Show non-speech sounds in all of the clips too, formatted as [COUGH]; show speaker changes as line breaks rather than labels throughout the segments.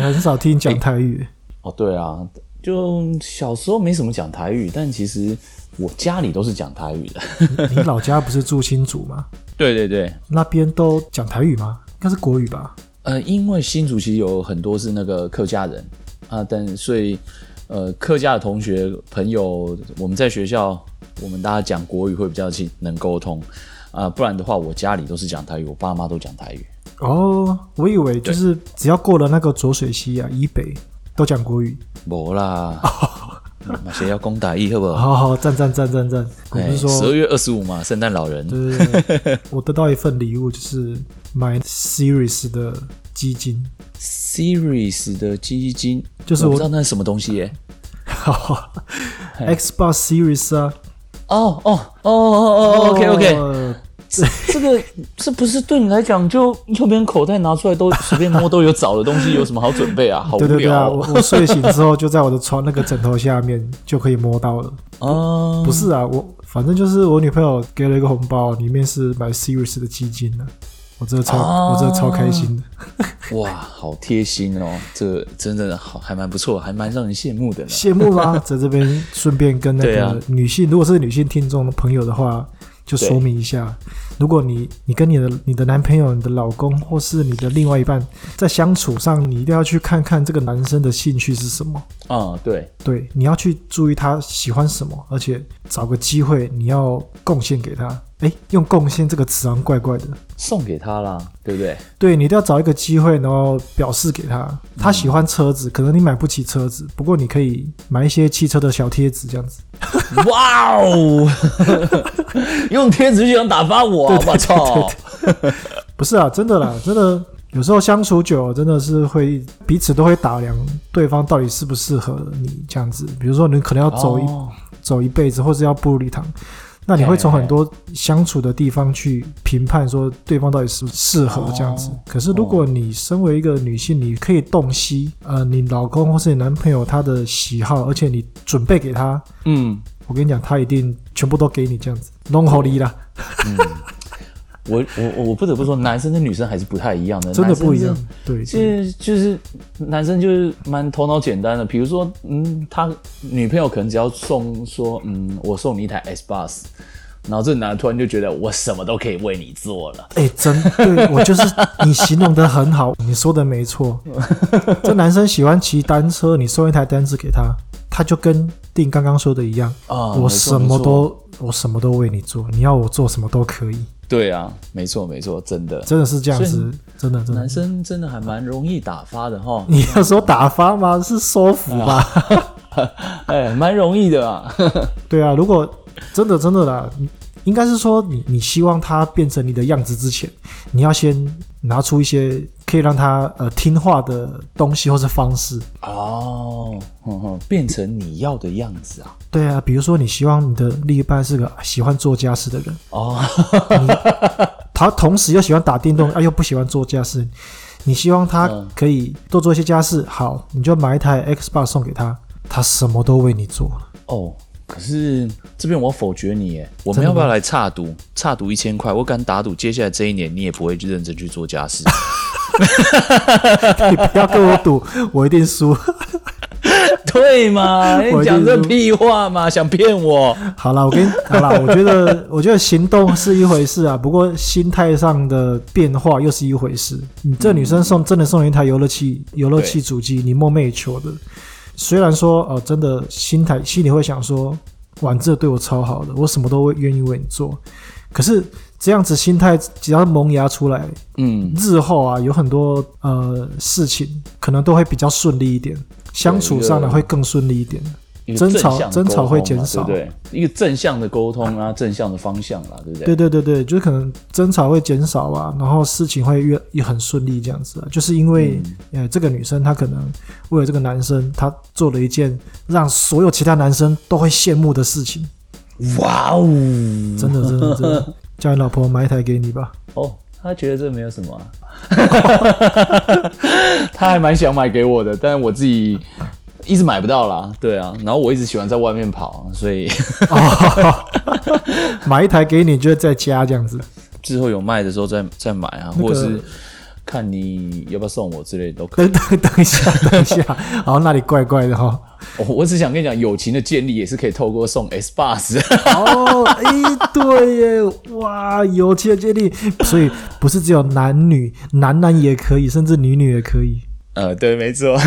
很少聽講台語、欸、哦，對啊，就小時候沒什麼講台語，但其實我家裡都是講台語的你。你老
家不是住新竹嗎？
[LAUGHS] 對對對，
那邊都講台語嗎？應該是國語吧。
呃，因為新竹其實有很多是那個客家人啊、呃，但所以呃，客家的同學朋友，我們在學校我們大家講國語會比較能溝通啊、呃，不然的話我家裡都是講台語，我爸媽都講台語。
哦、oh，我以為就是只要過了那個濁水溪啊，以北都講國語。
沒啦，誰、 [LAUGHS] 嗯、要講台語好不好？ [LAUGHS] 好
好贊贊贊贊贊！我，就是說十二月二十五
嘛，聖誕老人。對
[LAUGHS] 我得到一份禮物，就是買 Series 的基金。
Series 的基金就是我，我知道那是什麼東西耶，
欸。 [LAUGHS] 好 [LAUGHS] Xbox Series 啊！哦哦哦
哦哦！OK OK，oh。Okay. 這 [LAUGHS] 這個是不是對你來講，就右邊口袋拿出來都隨便摸都有找的東西，有什麼好準備啊？好哦、對對對、啊，我睡醒之
後就在我的床那個枕頭下面就可以摸到了。哦、嗯，不是啊，我反正就是我女朋友給了一個紅包，裡面是買 Series 的基金的，我真
的超、啊、我真的超開心的。哇，好貼心哦，這個、真的好還蠻不錯，還蠻讓人羨慕的。羨慕
啦，在這邊順便跟那個女性，啊、如果是女性聽眾朋友的話。就說明一下，如果你你跟你的你的男朋友，你的老公或是你的另外一半在相處上，你一定要去看看這個男生的興趣是什麼？
啊，哦，對
對，你要去注意他喜歡什麼，而且找個機會，你要貢獻給他。欸、用貢獻這個詞好怪怪的，
送給他啦，對不對？
對，你都要找一個機會，然後表示給他、嗯。他喜歡車子，可能你買不起車子，不過你可以買一些汽車的小貼紙，這樣子。
哇哦！ [LAUGHS] [LAUGHS] 用貼紙就想打發我、啊？對吧對對對對對？操！ [LAUGHS] 不是
啊，真的啦，真的有時候相處久了，真的是會彼此都會打量對方到底適不適合你這樣子。比如說，你可能要走一、哦、走一輩子，或是要步入禮堂。那你會從很多相處的地方去評判說，對方到底適不適合這樣子。可是如果你身為一個女性，你可以洞悉呃你老公或是你男朋友他的喜好，而且你準備給他，嗯，我跟你講，他一定全部都給你這樣子，攏予你啦、嗯。 [LAUGHS]
我我我不得不說、嗯，男生跟女生還是不太一樣的，真的不一樣。對，其實就是男生就是蠻頭腦簡單的。比如說，嗯，他女朋友可能只要送說，嗯，我送你一台 XSX，然後這男的突然就覺得我什麼都可以為你做了。哎、欸，真的，對，我就是你形
容的很好， [LAUGHS] 你說的沒錯。 [LAUGHS] 這男生喜歡騎單車，你送一台單車給他，他就跟丁剛剛說的一樣，啊、嗯，我什麼都我什麼都，我什麼都為你做，你要我做什麼都可以。
對啊，沒錯沒錯，真的真的是這樣子，真的，真的，男生真的還蠻容易打發的哈。你
要說打發嗎？是
說服吧？啊、 [LAUGHS] 哎，蠻容易的啊。 [LAUGHS]
對啊，如果真的真的啦，應該是說你你希望他變成你的樣子之前，你要先拿出一些，可以讓他呃聽話的東西或是方式
哦，oh, oh, oh, 變成你要的樣子啊對？
對啊，比如說你希望你的另一半是個喜歡做家事的人哦、
oh.
[LAUGHS] 他同時又喜歡打電動、okay. 啊，又不喜歡做家事，你希望他可以多做一些家事，uh, 好，你就買一台 X 八送給他，他什麼都為你做哦。
Oh. 可是這邊我否決你耶，我們要不要來差賭？差賭一千塊，我敢打賭，接下來這一年你也不會去認真去做家事。 [LAUGHS] 你不要跟我
賭，我一定輸。
[LAUGHS] 對嘛？你講這屁話嘛？想騙我？我好啦，我跟你好啦，我覺得
我覺得行動是一回事啊，不過心態上的變化又是一回事。你這女生送、嗯、真的送一台遊樂器，遊樂器主機，你夢寐以求的。雖然說，呃，真的心態心裡會想說，玩這對我超好的，我什麼都會願意為你做。可是這樣子心態只要萌芽出來，嗯，日後啊有很多呃事情可能都會比較順利一點，相處上呢會更順利一點。嗯嗯啊、爭吵爭吵會減少，對，
對一個正向的溝通啊，啊，正向的方向啊，對不對？對
對對對，就可能爭吵會減少啊，然後事情會越也很順利這樣子，啊，就是因為，呃、嗯，這個女生她可能為了這個男生，她做了一件讓所有其他男生都會羨慕的事情。哇哦，真的真的真的，叫你老婆買一台給你吧。
哦，他覺得這沒有什麼，啊， [LAUGHS] [LAUGHS] 他還蠻想買給我的，但是我自己。一直買不到啦，對啊，然後我一直喜歡在外面跑，所以 [LAUGHS]
[LAUGHS] 買一台給你，就在家這樣子。
之後有賣的時候再再買啊，或者是看你要不要送我之類都可以。等等一下，等一下， [LAUGHS] 好，那
裡怪怪的哈。
我只想跟你講，友情的建立也是可以透過送 S, [LAUGHS] S bus。哦，
哎，對耶，哇，友情的建立，所以不是只有男女，男男也可以，甚至女女也可以。
呃，對，沒錯。 [LAUGHS] [MUSIC]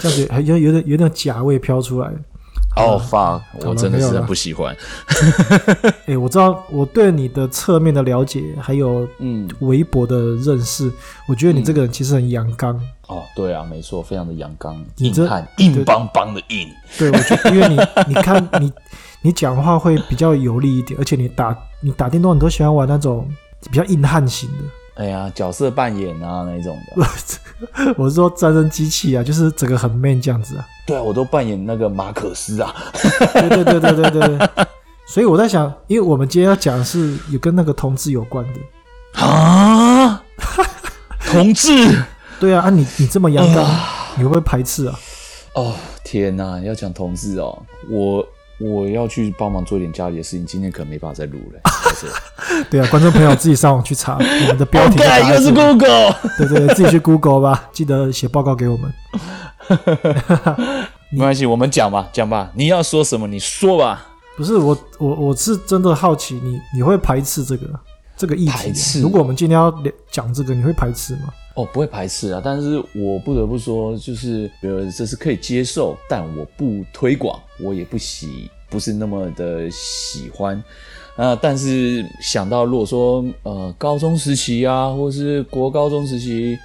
這樣
子有有點有點甲味飄出來。
哦 h fuck！我真的是真不喜歡。
[LAUGHS] 欸、我知道我對你的側面的了解，還有微博的認識，嗯、我覺得你這個人其實很陽剛，
嗯。哦，對啊，沒錯，非常的陽剛，硬漢，啊，硬邦邦的硬。對，我覺得因為你
你看你。你講的話會比較有力一點，而且你打你打電動，很多喜歡玩那種比較硬漢型的。
哎呀，角色扮演啊，那種的。
[LAUGHS] 我是說戰爭機器啊，就是整個很 man 這樣子啊。
對啊，我都扮演那個馬可斯啊。 [LAUGHS] 對，對對對對對對。
所以我在想，因為我們今天要講的是有跟那個同志有關的啊， [LAUGHS] 同志。 [LAUGHS] 對啊，啊你你這麼陽剛、啊、你會不會排斥啊？
哦天啊，要講同志哦，我。我要去幫忙做點家裡的事情，今天可能沒辦法再錄了、欸。 [LAUGHS] 還是
[LAUGHS] 對啊，觀眾朋友自己上網去查，我 [LAUGHS] 們的標題。OK，又是 Google。 [LAUGHS] 對對，自己去 Google 吧，記得寫報告給我們。
[LAUGHS] [LAUGHS] 沒關係，我們講吧，講吧，你要說什麼，你說吧。
不是，我我我是真的好奇你，你你會排斥這個這個議題？排斥。如果我們今天要講這個，你會排斥嗎？
哦，不會排斥啊，但是我不得不說，就是呃，這是可以接受，但我不推廣，我也不喜，不是那麼的喜歡。呃，但是想到如果說呃，高中時期啊，或是國高中時期，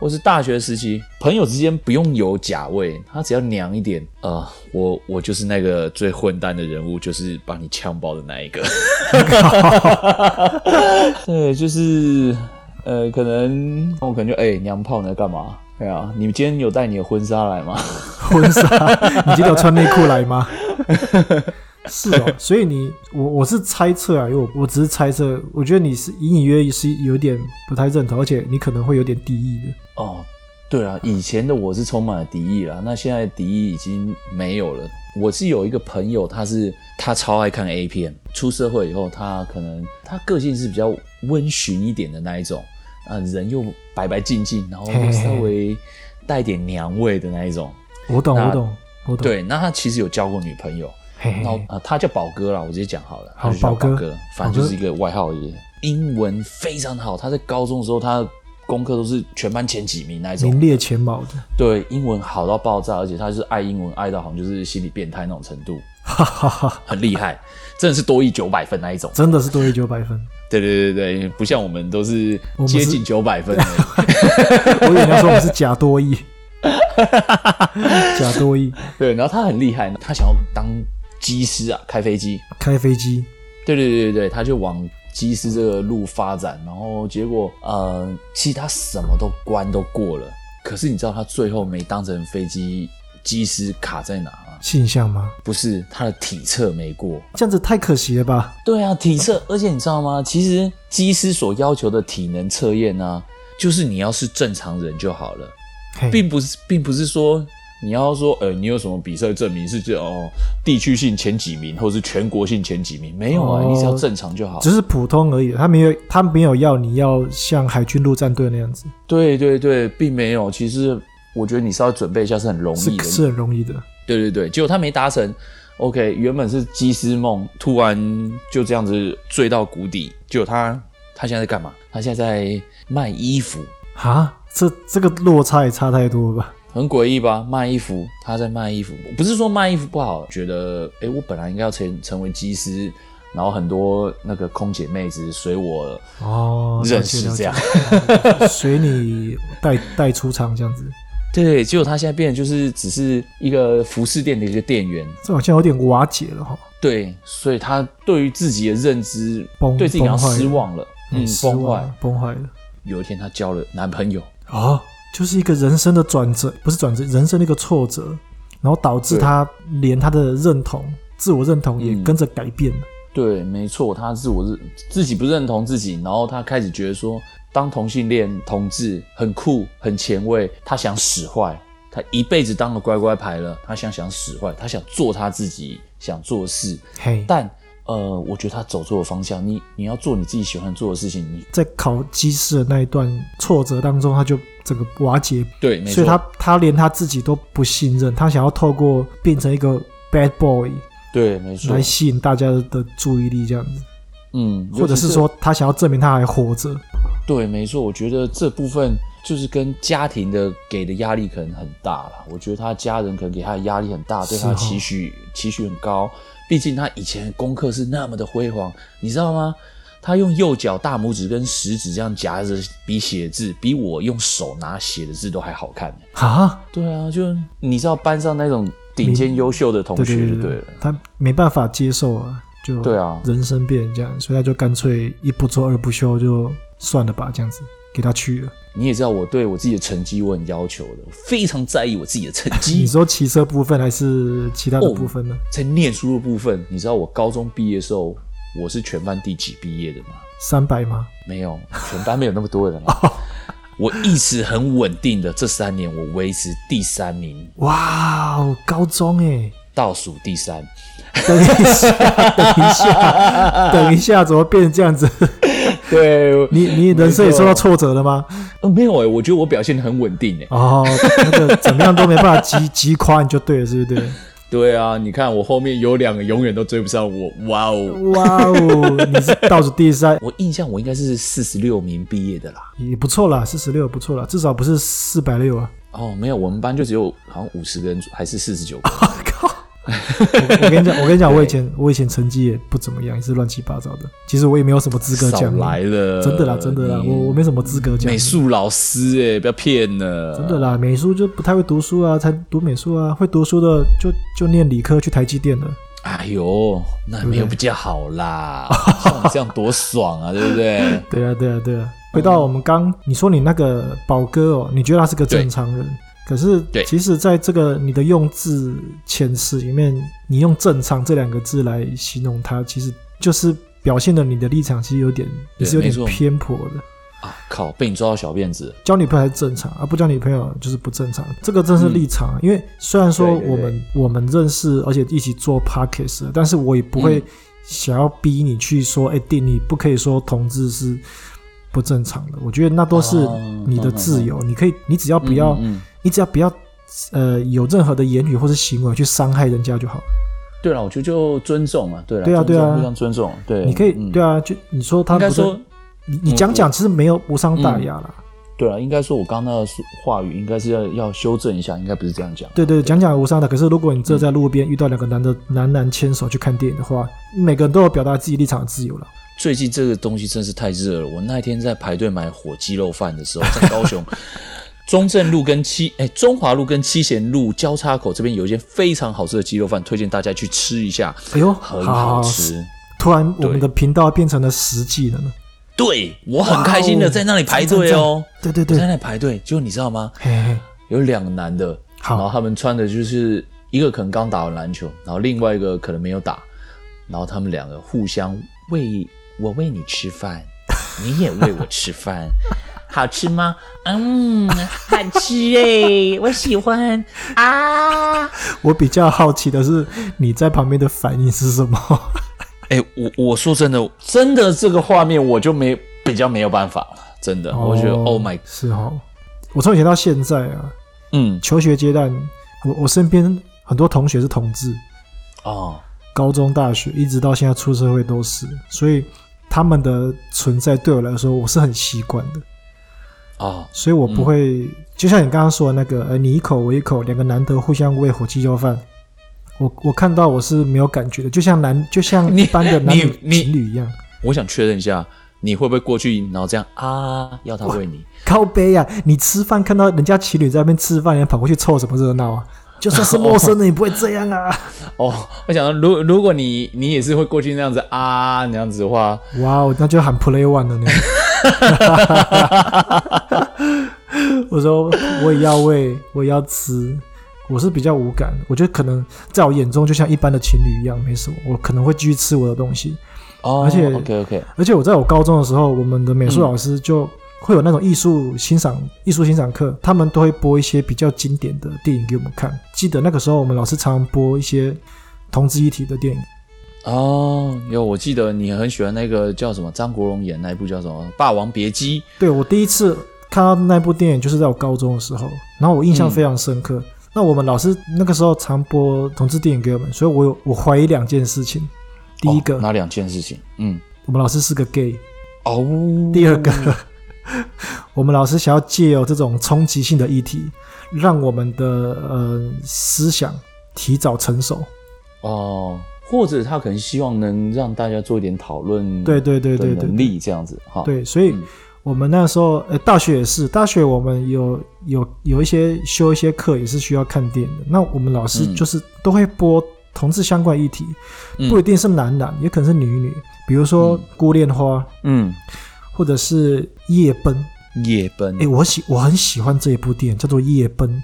或是大學時期，朋友之間不用有甲味，他只要娘一點，呃，我我就是那個最混蛋的人物，就是把你槍爆的那一個。 [LAUGHS] [LAUGHS] [LAUGHS] 對，就是。呃，可能我可能就哎、欸，娘炮，你在幹嘛？對啊，你今天有帶你的婚紗來嗎？ [LAUGHS] 婚紗紗？ [LAUGHS] 你今天有穿內褲來嗎？ [LAUGHS] 是哦，
所以你我我是猜測啊，因為我我只是猜測，我覺得你是隱隱約約是有點不太認同，而且你可能會有點敵意的。
哦，對啊，以前的我是充滿了敵意啦， [LAUGHS] 那現在的敵意已經沒有了。我是有一個朋友，他是他超愛看 A 片，出社會以後，他可能他個性是比較溫馴一點的那一種。啊，人又白白淨淨，然後稍微帶點娘味的那一種嘿
嘿那。我懂，我懂，
我懂。對，那他其實有交過女朋友，嘿嘿然後啊，他叫寶哥啦，我直接講好了，寶哥，寶哥，反正就是一個外號而已，英文非常好，他在高中的時候，他功課都是全班前幾名那一種，名
列前茅的。
對，英文好到爆炸，而且他就是愛英文愛到好像就是心理變態那種程度。哈哈哈，很厲害，真的是多益九百分那一種，真的是
多益九百分，
對對對對，不像我們都是接近九百分，我以為 [LAUGHS] 說我們是
假多益。哈哈哈，假多
益。對，然後他很厲害，他想要當機師啊，開飛機，開飛機。對對對對對，他就往機師這個路發展，然後結果呃，其實他什麼都關都過了，可是你知道他最後沒當成飛機機師卡在哪？性向嗎？不是，他的體測沒過。這樣子太可惜了吧？對啊，體測、哦，而且你知道嗎？其實機師所要求的體能測驗呢，就是你要是正常人就好了，並不是，並不是說你要說，呃，你有什麼比賽證明是這種、哦、地區性前幾名，或者是全國性前幾名？沒有啊、欸，你只要正常就好了、呃，只
是普通而已。他沒有，他沒有要你要像海軍陸戰隊那樣子。
對對對，並沒有。其實我覺得你稍微準備一下是很容易的，是，是很容易的。對對對，結果他沒達成，OK，原本是機師夢，突然就這樣子墜到谷底。就他，他現在在幹嘛？他現在在賣衣服
哈，這這個落差也差太多了吧？
很詭異吧？賣衣服，他在賣衣服。不是說賣衣服不好，覺得哎，我本來應該要成成為機師，然後很多那個空姐妹子隨我哦認識是這樣、
哦，隨你帶 [LAUGHS] 帶，帶出場這
樣子。對，結果他現在變成就是只是一個服飾店的一個店員，這好像有
點瓦解了哈。
對，所以他對於自己的認知崩，崩壞了，對自己好像失望了，嗯，崩壞，崩壞了。有一天他交了男朋友
啊、哦，就是一個人生的轉折，不是轉折，人生的一個挫折，然後導致他連他的認
同、自我認同也跟着改變了。嗯對，沒錯，他是我是自己不認同自己，然後他開始覺得說當同性戀同志很酷很前衛，他想使壞，他一輩子當了乖乖牌了，他想想使壞，他想做他自己想做的事。Hey. 但呃，我覺得他走錯了方向。你你要做你自己喜歡做的事情。你
在考機師的那一段挫折當中，他就整個瓦解。對，沒錯，所以他他連他自己都不信任，他想要透過變成一個 bad boy。
對，沒錯，來吸
引大家的注意力這樣子，嗯、就是，或者是說他想要證明他還活着。
對，沒錯，我覺得這部分就是跟家庭的給的壓力可能很大了。我覺得他家人可能給他的壓力很大，哦、對他期許期許很高。畢竟他以前的功課是那麼的輝煌，你知道嗎？他用右腳大拇指跟食指這樣夾着筆寫的字，比我用手拿寫的字都還好看哈、啊，對啊，就你知道班上那種。頂尖優秀的同學，對，對，對，對，對
他沒辦法接受啊，就對啊，人生變成這樣，所以他就乾脆一不做二不休，就算了吧，這樣子給他去了。
你也知道我對我自己的成績，我很要求的，我非常在意我自己的成績。 [LAUGHS] 你
說騎車部分還是其他的部分呢
？Oh, 在唸書的部分，你知道我高中畢業的時候我是全班第幾畢業的嗎？
三百嗎？
沒有，全班沒有那麼多人啊。 [LAUGHS] oh. 我一直很穩定的這三年，我維持第三名。
哇、哦，高中哎，
倒數第三。等一下，等一下，等一
下，怎麼變成這
樣子？對你，你人生也受到挫折了嗎？沒有哎，我覺得我表現很穩定哎。哦，
那個、怎麼樣都沒辦法擊擊垮你就對了，是不是？
對啊，你看我後面有兩個永遠都追不上我，哇哦，哇哦，你是倒數
第三， [LAUGHS] 我印象
我應該是四十六名畢業的啦，
也不錯啦，四十六不錯啦，至少不是四百六啊。
哦，沒有，我們班就只有好像五十個人，還是四十九個。 [LAUGHS]
[LAUGHS] 我，我跟你講，我跟你講，我以前我以前成績也不怎麼樣，也是亂七八糟的。其實我也沒有什麼資格講。少來了，真的啦，真的啦，我我沒什麼資格講。美
術老師哎、欸，不要騙了。真的啦，
美術就不太會讀書啊，才讀美術啊，會讀書的就就念理科去台積電
了。哎呦，那也沒有比較好啦，像你這樣多爽啊， [LAUGHS] 對不對？對啊，
對啊，對啊。對啊對啊嗯、回到我們剛你說你那個寶哥哦，你覺得他是個正常人？可是，其實，在這個你的用字遣詞裡面，你用“正常”這兩個字來形容它，其實就是表現了你的立場，其實有點也是有點偏頗的、
啊。靠！被你抓到小辮子，
交女朋友還是正常，啊不交女朋友就是不正常。這個真是立場、嗯。因為雖然說我們我們認識，而且一起做 Podcast，但是我也不會想要逼你去說，哎、嗯欸，你不可以說同志是不正常的。我覺得那都是你的自由，你可以，你只要不要。嗯嗯你只要不要，呃，有任何的言語或者行為去傷害人家就好。
對了，我覺得就尊重嘛，對啊，對啊，互相尊重。對，你可
以，嗯、對啊，就你說他不應該說，
你、嗯、你講講其
實沒有無傷大雅啦。
嗯、對啊，應該說我剛那個話語應該是要要修正一下，應該不是這樣講。
對對、對，講講無傷的。可是如果你這在路邊遇到兩個男的、嗯、男男牽手去看電影的話，每個人都有表達自己立場的自由
了。最近這個東西真是太熱了。我那天在排隊買火雞肉飯的時候，在高雄。 [LAUGHS] 中正路跟七哎、欸，中華路跟七賢路交叉口這邊有一間非常好吃的雞肉飯，推薦大家去吃一下。哎呦，很好吃！好
突然，我們的頻道變成了實際的了。
對我很開心的、哦、在那裡排隊哦正正正。對對對，對，在那裡排隊，就你知道嗎？嘿嘿，有兩個男的，好然後他們穿的就是一個可能剛打完籃球，然後另外一個可能沒有打，然後他們兩個互相餵我餵你吃飯， [LAUGHS] 你也餵我吃飯。 [LAUGHS] 好吃嗎？嗯，好吃哎、欸， [LAUGHS] 我喜歡啊。
我比較好奇的是你在旁邊的反應是什麼？
哎、欸，我我說真的，真的這個畫面我就沒比較沒有辦法了，真的，我覺得、哦、Oh my God。
是哦。我從以前到現在啊，嗯，求學階段，我我身邊很多同學是同志哦，高中、大學一直到現在出社會都是，所以他們的存在對我來說我是很習慣的。啊、哦，所以我不會，嗯、就像你剛剛說的那個，呃，你一口我一口，兩個男的互相餵火雞肉飯。我我看到我是沒有感覺的，就像男就像一般的男女情侶一樣。
我想確認一下，你會不會過去，然後這樣啊，要他餵你？
靠北啊，你吃飯看到人家情侶在那邊吃飯，你還跑過去湊什麼熱鬧啊？就算是陌生的，
[LAUGHS] 你不會這樣啊？哦，我想到如果如果你你也是會過去那樣子啊那樣子的話，
哇、哦，那就喊 play one 的。 [LAUGHS]
哈哈哈我說我也要
餵，我也要吃。我是比較無感，我覺得可能在我眼中就像一般的情侶一樣，沒什麼。我可能會繼續吃我的東西。
哦、oh, 而且 okay okay.
而且我在我高中的時候，我們的美術老師就會有那種藝術欣賞、藝、嗯、術欣賞課，他們都會播一些比較經典的電影給我們看。記得那個時候，我們老師常常播一些《同志議題》的電影。
哦，有，我記得你很喜歡那個叫什麼張國榮演那一部叫什麼《霸王別姬》。對。
對，我第一次看到那部電影就是在我高中的時候，然後我印象非常深刻。嗯、那我們老師那個時候常播同志電影給我們，所以我有我懷疑兩件事情：第一個、哦、
哪兩件事情？嗯，
我們老師是個 gay 哦。第二個，我們老師想要藉由這種衝擊性的議題，讓我們的呃思想提早成熟
哦。或者他可能希望能讓大家做一點討論，對對對對對，對，能力這樣子哈。對，所以
我們那時候呃、欸，大學也是，大學我們有有有一些修一些課也是需要看電的。那我們老師就是都會播同志相關議題，嗯、不一定是男男，也可能是女女。嗯、比如說《孤戀花》嗯，嗯，或者是夜奔
《夜奔》。夜奔，哎，
我喜我很喜歡這一部電影，叫做《夜奔》，《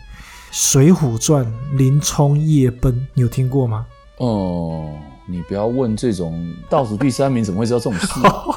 水滸傳》林沖夜奔，你有聽過嗎？
哦、嗯，你不要問這種倒數第三名怎麼會知道這種事、啊哦、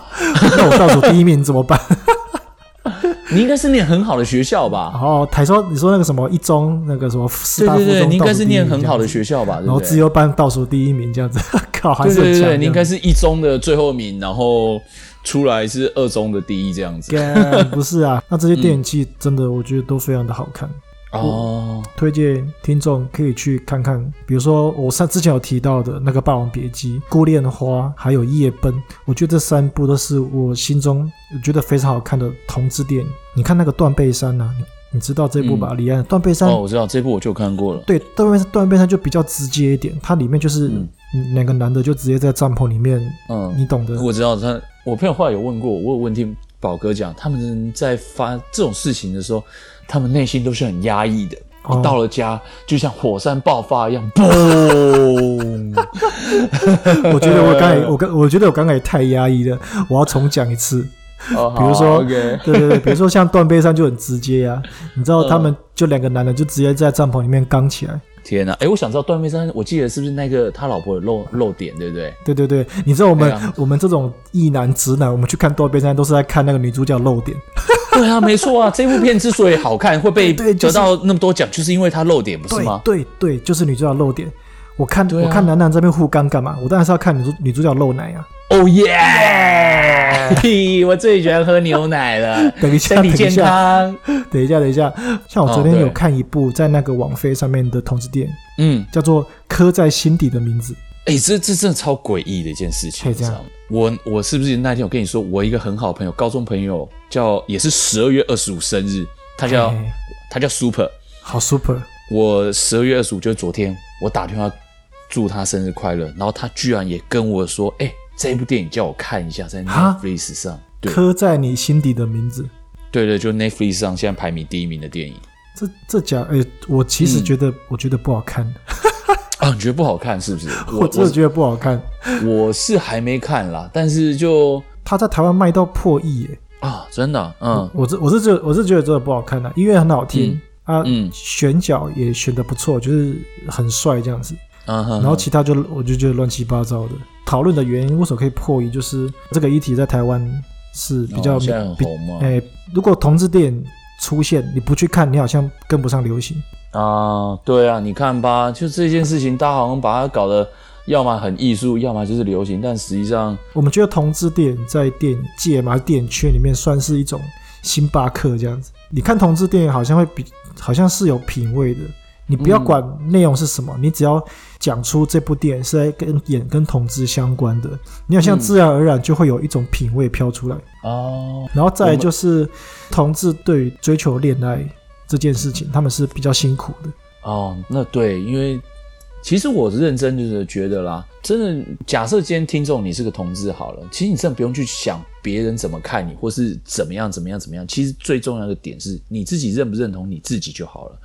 那我倒數第一名怎麼辦？ [LAUGHS] 你應該是念很好的學校吧？哦，台說你說那
個什麼一中，那個什麼師
大附中，對對對，你應該是念很好的學校吧。對對，然後自由
班倒數第一名這樣子，靠，還是很強。對，對對對，你應該是一
中的最後名，然後出來是二中的第一這樣子。 [LAUGHS] 不是啊，那這些電影
劇真的我覺得都非常的好看。哦、oh.，推薦聽眾可以去看看，比如說我上之前有提到的那個《霸王別姬》、《孤戀花》，還有《夜奔》，我覺得這三部都是我心中覺得非常好看的同志電影。你看那個《斷背山》啊，你知道這部吧，李、嗯、安《斷背山》？哦，我
知道這部我就看過了。
對，《斷背山》、《斷背山》就比較直接一點，它裡面就是兩個男的就直接在帳篷裡面，嗯，你懂的、嗯。
我知道，他我朋友後來有問過，我有問題。寶哥講，他們在發這種事情的時候，他們內心都是很壓抑的。Oh. 一到了家，就像火山爆發一樣，
嘣 [LAUGHS] [LAUGHS] [LAUGHS] 我覺得我剛才我剛，我覺得我剛才也太壓抑了，我要重講一次。
Oh, 比如說，okay. 對對對，比如說
像斷背山就很直接呀、啊。你知道，他們就兩個男的就直接在帳篷裡面剛起來。
天吶、啊，哎、欸，我想知道《斷背山》，我記得是不是那個他老婆有露露點，對不對？
對對對，你知道我們、哎、我們這種異男直男，我們去看《斷背山》，都是在看那個女主角露點。
對啊，沒錯啊， [LAUGHS] 這部片之所以好看，會被得到那麼多獎，就是、就是因為它露點，不是嗎？
對對、對，就是女主角露點。我看、啊、我看男男這邊護肝幹嘛？我當然是要看女主女主角露奶呀、啊、
！Oh yeah！ [LAUGHS] 我最喜歡喝牛奶了， [LAUGHS] 等一下身體健康等一下，
等一下等一下，像我昨天、oh, 有看一部在那個網飛上面的同志電影，嗯，叫做《刻在心底的名字》
嗯。哎、欸，這這真的超詭異的一件事情。可以這樣我我是不是那天我跟你說，我一個很好朋友，高中朋友叫也是十二月二十五生日，他叫、hey. 他叫 Super，好 Super。我十二月二十五就是昨天，我打電話。祝他生日快樂。然後他居然也跟我說：“哎、欸，這部電影叫我看一下，在 Netflix 上。對，”刻
在你心底的名字。
對對，就 Netflix 上現在排名第一名的電影。
這這甲哎、欸，我其實覺得、嗯，我覺得不好看。
[LAUGHS] 啊，你覺得不好看是不是我？我真的覺得不好看。我是，我是還沒看啦，但是就
他在台灣賣到破億耶！
啊，真的、啊，嗯，我這
我是覺得我是覺得真的不好看的。音樂很好聽、嗯、啊，嗯，選角也選得不錯，就是很帥這樣子。然後其他就我就覺得亂七八糟的。討論的原因為什麼可以破譯，就是這個議題在台灣是比較，哎、哦呃，如果同志電影出現，你不去看，你好像跟不上
流行。啊，對啊，你看吧，就這件事情，大家好像把它搞得要麼很藝術，要麼就是流行，但實際上，
我們覺得同志電影在電影界嘛，電影圈裡面算是一種星巴克這樣子。你看同志電影，好像會比好像是有品味的。你不要管內容是什麼，嗯、你只要講出這部電影是在跟演跟同志相關的，你好像自然而然就會有一種甲味飄出來、
嗯、哦。然後再來就
是同志對追求戀愛這件事情、嗯，他們是比較辛苦的
哦。那對，因為。其實我是認真，就是覺得啦，真的。假設今天聽眾你是個同志好了，其實你真的不用去想別人怎麼看你，或是怎麼樣怎麼樣怎麼樣。其實最重要的點是，你自己認不認同你自己就好了。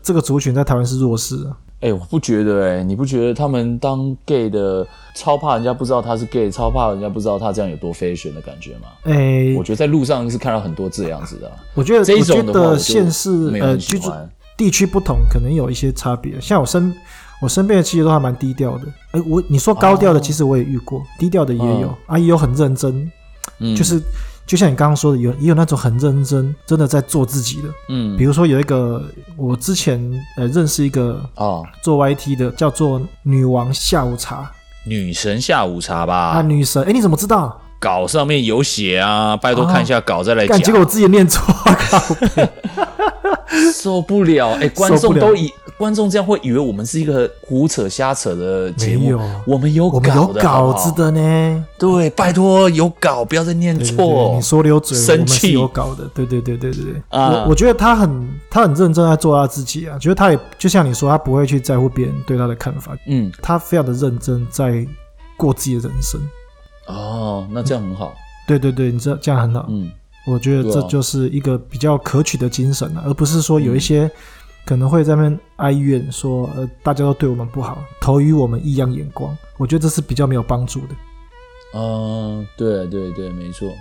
這個族群在台灣是弱勢啊。
哎、欸，我不覺得哎、欸，你不覺得他們當 gay 的超怕人家不知道他是 gay，超怕人家不知道他這樣有多 fashion 的感覺嗎？
哎、欸，我覺
得在路上是看到很多這樣子的、啊。我覺得這一種的話我沒有很喜歡。我覺得現實，呃，居住
地區不同，可能有一些差別。像我身我身邊的其實都還蠻低調的。哎、欸，我你說高調的，其實我也遇過，啊、低調的也有、啊，也有很認真，嗯、就是。就像你剛剛說的，有也有那種很認真，真的在做自己的，嗯，比如說有一個我之前呃、欸、認識一個啊做 YT 的，哦，叫做女王下午茶，
女神下午茶吧啊
女神，哎、欸、你怎麼知道
稿上面有寫啊，拜托看一下稿再來講，啊，結果我自己
也念錯、 [LAUGHS] [LAUGHS]
欸，受不了，哎觀眾都已。觀眾這樣會以為我們是一個胡扯瞎扯的節目。沒有，我們有我們有稿子的呢。對，拜託有稿，不要再念錯、哦對對對。你說溜嘴，生氣我是有稿
的。對對對對對，對、啊、我我覺得他很他很認真在做他自己啊。覺得他也就像你說，他不會去在乎別人對他的看法。嗯，他非常的認真在過自己的人生。
哦，那這樣很好。嗯、
對對對，你知道這樣很好。嗯，我覺得這就是一個比較可取的精神了、啊嗯哦，而不是說有一些。可能會在那邊哀怨說：“呃，大家都對我們不好，投於我們異樣眼光。”我覺得這是比較沒有幫助的。嗯、
呃，對對對，沒錯。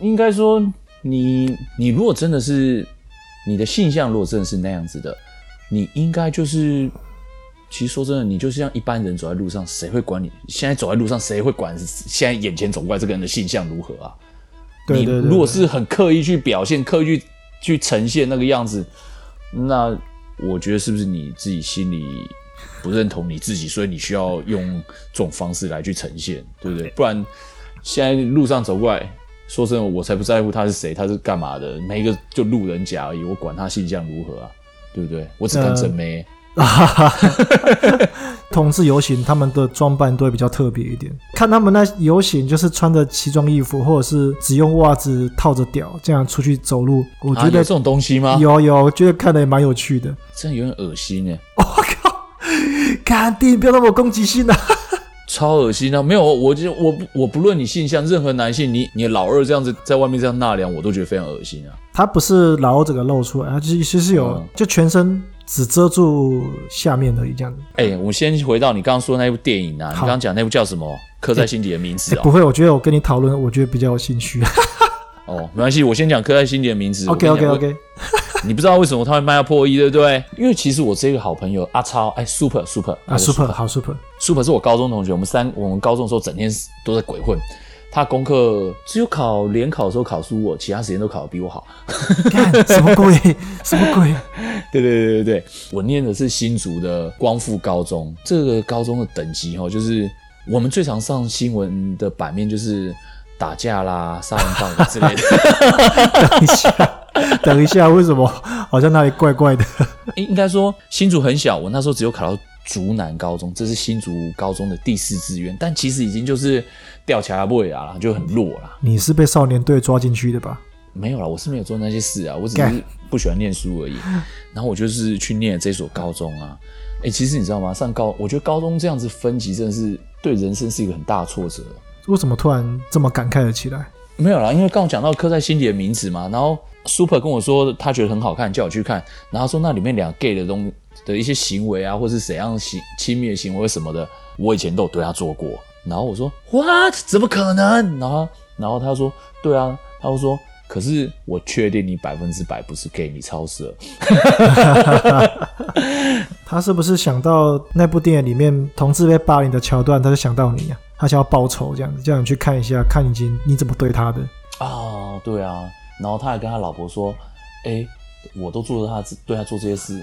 應該說你，你你如果真的是你的性向，如果真的是那樣子的，你應該就是，其實說真的，你就是像一般人走在路上，誰會管你？現在走在路上，誰會管現在眼前走過來這個人的性向如何啊？對對對對對。你如果是很刻意去表現、刻意去去呈現那個樣子，那。我覺得是不是你自己心裡不認同你自己，所以你需要用這種方式來去呈現，對不對？不然現在路上走過來說真的，我才不在乎他是誰，他是幹嘛的，每個就路人甲而已，我管他形象如何啊，對不對？我只看正妹。呃 [LAUGHS] [LAUGHS]
同志遊行，他們的裝扮都會比較特別一點。看他們那遊行，就是穿着奇裝異服，或者是只用襪子套着屌，這樣出去走路。我覺得有、啊、這種東西嗎？有有，我覺得看的也蠻有趣的。
真的有點噁心哎、欸！我靠，
肯定不要那麼攻擊性啊，
超噁心啊！沒有，我就我我不論你性向任何男性，你你老二這樣子在外面這樣納涼，我都覺得非常噁心啊。
他不是老二整個露出來，他其實、就是有、嗯，就全身。只遮住下面而已，這樣子
哎、欸，我先回到你剛剛說的那部電影啊，你剛剛講那部叫什麼？刻在心底的名字、哦欸欸、不
會，我覺得我跟你討論，我覺得比較有興趣、啊。 [LAUGHS] 哦，
沒關係，我先講刻在心底的名字、okay,。OK OK OK。 [LAUGHS] 你不知道為什麼他會賣到破億，對不對？因為其實我這個好朋友阿超，哎、欸、，Super Super，, Super 啊，Super
好 Super，Super
Super 是我高中同學，我們三，我們高中的時候整天都在鬼混。嗯他功課只有考聯考的時候考輸我，其他時間都考得比我好。幹，什麼鬼？什麼鬼？對、 [LAUGHS] 啊、對對對對，我念的是新竹的光復高中，這個高中的等級哦，就是我們最常上新聞的版面就是打架啦、殺人犯之類的。 [LAUGHS] [LAUGHS] 等一下，等一下，為什麼
好像那裡怪怪的？
應應該說，新竹很小，我那時候只有考到竹南高中，這是新竹高中的第四志願，但其實已經就是。掉起位不啊，就很弱啦。
你，你是被少年隊抓進
去的吧？沒有啦，我是沒有做那些事啊，我只是不喜歡念書而已。然後我就是去念了這所高中啊。哎、欸，其實你知道嗎？上高，我覺得高中這樣子分級真的是對人生是一個很大的挫折。
為什麼突然這麼感慨了起來？
沒有啦，因為剛剛講到刻在心底的名字嘛。然後 Super 跟我說他覺得很好看，叫我去看。然後說那裡面兩 gay 的東西的一些行為啊，或是怎樣行親密的行為什麼的，我以前都有對他做過。然後我說 what 怎麼可能？然後他然後他說對啊，他就說可是我確定你百分之百不是給你超市了。
[LAUGHS] 他是不是想到那部電影裡面同志被霸凌的橋段？他就想到你啊，他想要報仇這樣子，叫你去看一下，看你你怎麼對他的。哦，
對啊，然後他還跟他老婆說，誒，我都做了他對他做這些事。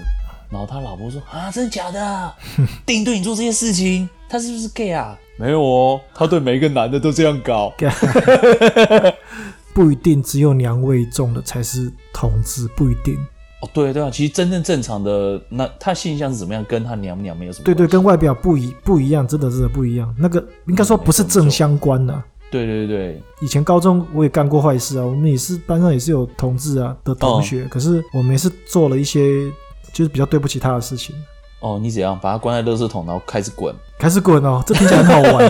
然後他老婆說：“啊，真的假的？ [LAUGHS] 定對你做這些事情，他是不是 gay 啊？沒有哦，他對每一個男的都這樣搞。 [LAUGHS] [LAUGHS] 不一
定只有娘味重的才是同志，不一定。
哦，對對啊，其實真正正常的那他性向是怎麼樣，跟他娘不娘沒有什麼關係。對對，跟外
表不一不一樣，真的是真的不一樣。那個、嗯、應該說不是正相關的、
啊。對，對對
對，以前高中我也幹過壞事啊，我們也是班上也是有同志啊的同學，哦、可是我們也是做了一些。”就是比較對不起他的事情
哦。你怎樣把他關在垃圾桶，然後開始滾，開始滾哦？這聽起來很好玩、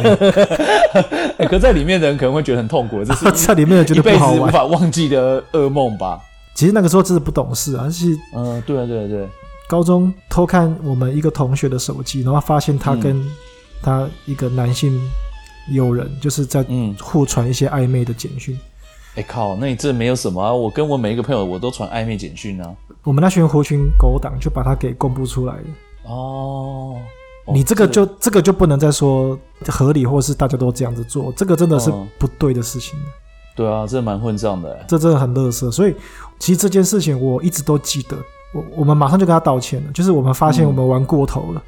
[LAUGHS] 欸。可在裡面的人可能會覺得很痛苦。 [LAUGHS] 這是、啊、在裡面人覺得不好玩，一輩子無法忘記的噩夢吧？
其實那個時候真的不懂事啊，是嗯，對啊，對啊，對。高中偷看我們一個同學的手機，然後發現他跟他一個男性友人，嗯、就是在互傳一些曖昧的簡訊。
哎、欸、靠，那你這沒有什麼啊？我跟我每一個朋友，我都傳曖昧簡訊啊。
我們那群狐群狗黨就把他給公布出來了。哦，你這個就這個就不能再說合理，或是大家都這樣子做，這個真的是不對的事情。哦，
對啊，這蠻混賬的，
這真的很樂色。所以其實這件事情我一直都記得，我我們馬上就跟他道歉了，就是我們發現我們玩過頭
了。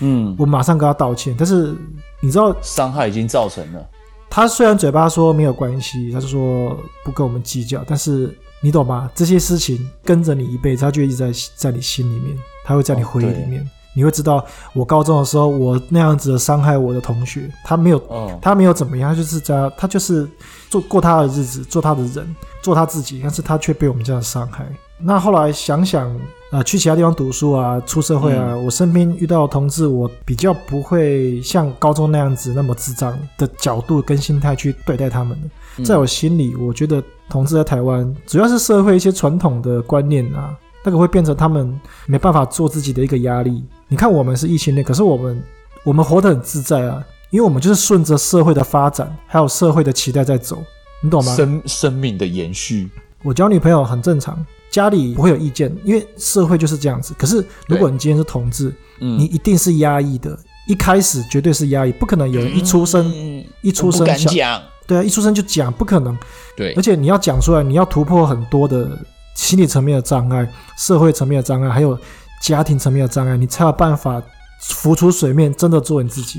嗯，
我們馬上跟他道歉，但是你
知道，傷害已經造成了。
他雖然嘴巴說沒有關係，他就說不跟我們計較，但是。你懂嗎？這些事情跟着你一輩子，他就一直在在你心裡面，他會在你回憶裡面。哦、你會知道，我高中的時候，我那樣子的傷害我的同學，他沒有，哦、他沒有怎麼樣，他就是在他就是做過他的日子，做他的人，做他自己。但是，他卻被我們這樣傷害。那後來想想，呃，去其他地方讀書啊，出社會啊，嗯、我身邊遇到的同志，我比較不會像高中那樣子那麼智障的角度跟心態去對待他們的。在我心裡、嗯，我覺得同志在台灣，主要是社會一些傳統的觀念啊，那個會變成他們沒辦法做自己的一個壓力。你看，我們是異性戀，可是我們我們活得很自在啊，因為我們就是順着社會的發展，還有社會的期待在走，你懂嗎？生
生命的延續。
我交女朋友很正常，家裡不會有意見，因為社會就是這樣子。可是如果你今天是同志，嗯，你一定是壓抑的，一開始絕對是壓抑，不可能有人一出生、嗯、一出生、嗯、敢講。對啊，一出生就講不可能，對，而且你要講出來，你要突破很多的心理層面的障礙、社會層面的障礙，還有家庭層面的障礙，你才有辦法浮出水面，真的做你自己。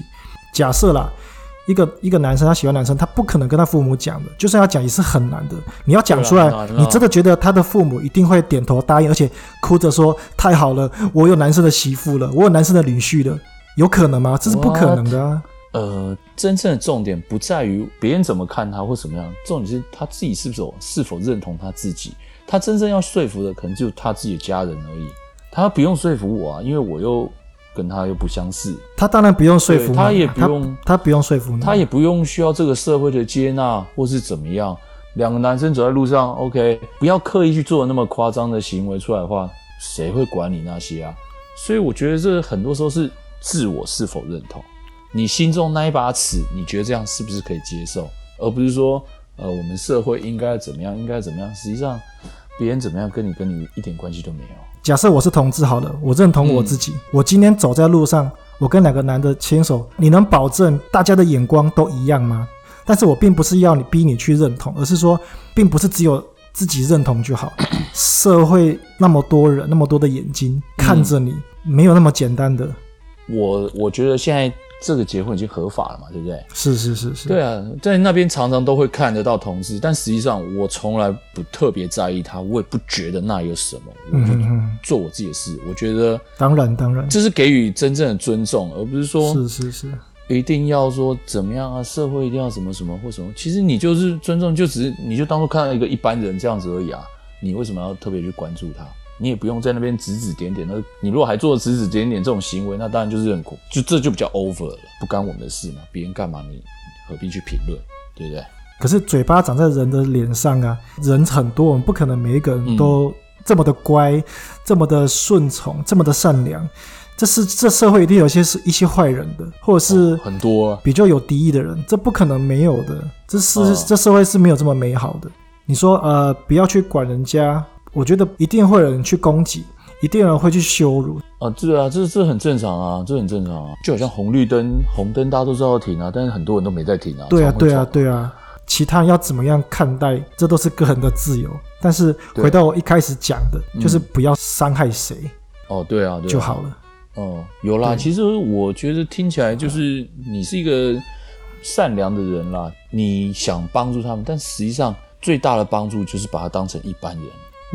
假設啦，一個一個男生他喜歡男生，他不可能跟他父母講的，就算要講也是很難的。你要講出來，啊啊啊、你真的覺得他的父母一定會點頭答應，而且哭着說太好了，我有男生的媳婦了，我有男生的女婿了，有可能嗎？這是不可能的、啊。What?
呃，真正的重點不在於別人怎麼看他或怎麼樣，重點是他自己是不是是否認同他自己。他真正要說服的可能就他自己的家人而已。他不用說服我啊，因為我又跟他又不相似。他
當然不用說服他，他也不用，他，他不用說服他，他也
不用需要這個社會的接納或是怎麼樣。兩個男生走在路上，OK，不要刻意去做那麼誇張的行為出來的話，誰會管你那些啊？所以我覺得這很多時候是自我是否認同。你心中那一把尺，你覺得這樣是不是可以接受？而不是說，呃，我們社會應該怎麼樣，應該怎麼樣？實際上，別人怎麼樣跟你跟你一點關係都沒有。
假設我是同志，好了，我認同我自己、嗯。我今天走在路上，我跟兩個男的牽手，你能保證大家的眼光都一樣嗎？但是我並不是要你逼你去認同，而是說，並不是只有自己認同就好。咳咳社會那麼多人，那麼多的眼睛、嗯、看着你，沒有那麼簡單的。
我我覺得現在。這個結婚已經合法了嘛，對不對？是是是是。對啊，在那邊常常都會看得到同志，但實際上我從來不特別在意他，我也不覺得那有什麼，我就做我自己的事。我覺得當然當然，這是給予真正的尊重，而不是說是是是，一定要說怎麼樣啊，社會一定要什麼什麼或什麼。其實你就是尊重，就只是你就當做看到一個一般人這樣子而已啊，你為什麼要特別去關注他？你也不用在那邊指指點點。那，你如果還做了指指點點這種行為，那當然就是認可，就這就比較 over 了，不干我們的事嘛。別人幹嘛你何必去評論，對不對？
可是嘴巴長在人的臉上啊，人很多，我們不可能每一個人都這麼的乖，嗯、這麼的順從，這麼的善良。這是這社會一定有一些是一些壞人的，或者是很多比較有敵意的人，這不可能沒有的。這是、哦、這社會是沒有這麼美好的。你說呃，不要去管人家。我覺得一定會有人去攻擊，一定會有人去羞
辱。啊，對啊，這這很正常啊，這很正常啊，就好像紅綠燈，紅燈大家都知道要停啊，但是很多人都沒在停啊。對啊，啊對啊，
對啊，其他人要怎麼樣看待，這都是個人的自由。但是回到我一開始講的，就是不要傷害誰、嗯。
哦對、啊對啊，對啊，就好了。哦、嗯，有啦，其實我覺得聽起來就是你是一個善良的人啦，嗯、你想幫助他們，但實際上最大的幫助就是把他當成一般人。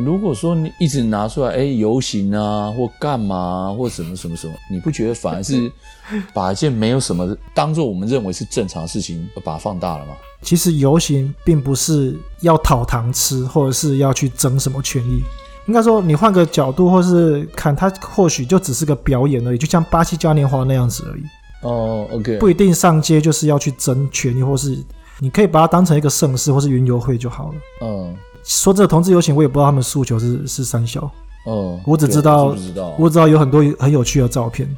如果說你一直拿出來，哎，遊行啊，或幹嘛，啊，或什麼什麼什麼，你不覺得反而是把一件沒有什麼當做我們認為是正常的事情，把它放大了嗎？
其實遊行並不是要討糖吃，或者是要去爭什麼權益。應該說，你換個角度或是看，它或許就只是個表演而已，就像巴西嘉年華那樣子而已。
哦，oh，OK，不一
定上街就是要去爭權益，或是你可以把它當成一個盛事或是雲遊會就好了。嗯，oh, okay。說這個同志遊行，我也不知道他們訴求是是三小，哦，我只知道，是是知道，我知道有很多很有趣的照片，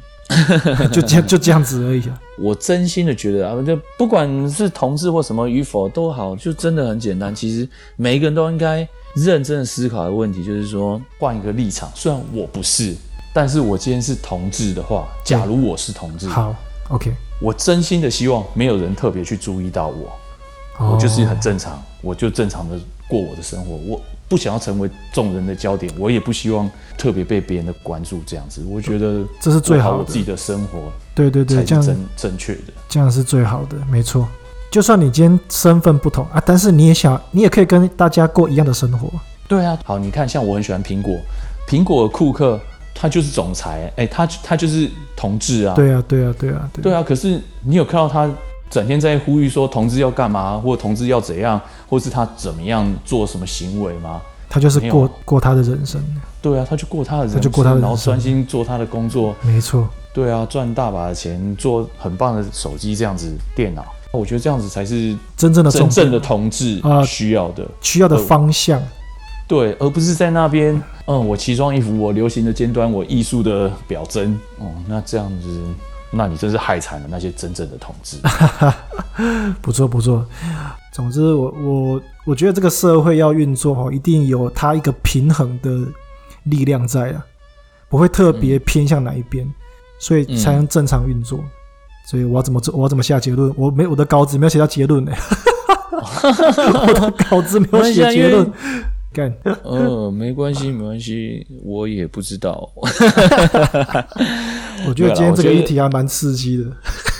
[LAUGHS] 就這樣就這樣子而已啊。我真心的覺得啊，就不管是同志或什麼與否都好，就真的很簡單。其實每一個人都應該認真的思考的問題，就是說換一個立場。雖然我不是，但是我今天是同志的話，假如我是同志，好，OK，我真心的希望沒有人特別去注意到我。我就是很正常，oh. 我就正常的過我的生活。我不想要成為眾人的焦點，我也不希望特別被別人的關注這樣子。我覺得我我是這是最好的，我自己的生活，對對對，才正正確的，
這樣是最好的，沒錯。就算你今天身份不同啊，但是你也想，你也可以跟大家過一樣的生活。
對啊，好，你看，像我很喜歡蘋果，蘋果庫克，他就是總裁，哎、欸，他他就是同志啊,對啊,對
啊，對啊，對啊，對啊。
對啊，可是你有看到他？整天在呼籲說，同志要幹嘛，或同志要怎樣，或是他怎麼樣做什麼行為嗎？他就是過
過他的人生。對啊，他就過他的人生，就過他的，然後專心
做他的工作。沒錯。對啊，賺大把的錢，做很棒的手機這樣子電腦。Oh, 我覺得這樣子才是真正的真正的同志啊，需要的、呃、需要的方向。對，而不是在那邊，嗯，我奇裝異服，我流行的尖端，我藝術的表徵。哦、oh，那這樣子。那你真是害慘了那些真正的同志 [LAUGHS] 。
不錯不錯，總之我我我覺得這個社會要運作一定有它一個平衡的力量在啊，不會特別偏向哪一邊，嗯，所以才能正常運作，嗯。所以我要怎麼做？我要怎麼下結論？我沒我的稿子沒有寫到結論呢，我的稿子沒有寫結論，欸。 [LAUGHS] [LAUGHS] [LAUGHS] 幹，
嗯，沒關係，沒關係， [LAUGHS] 我也不知道。 [LAUGHS] [LAUGHS] 我覺得今天這個議題還
蠻刺激的。 [LAUGHS]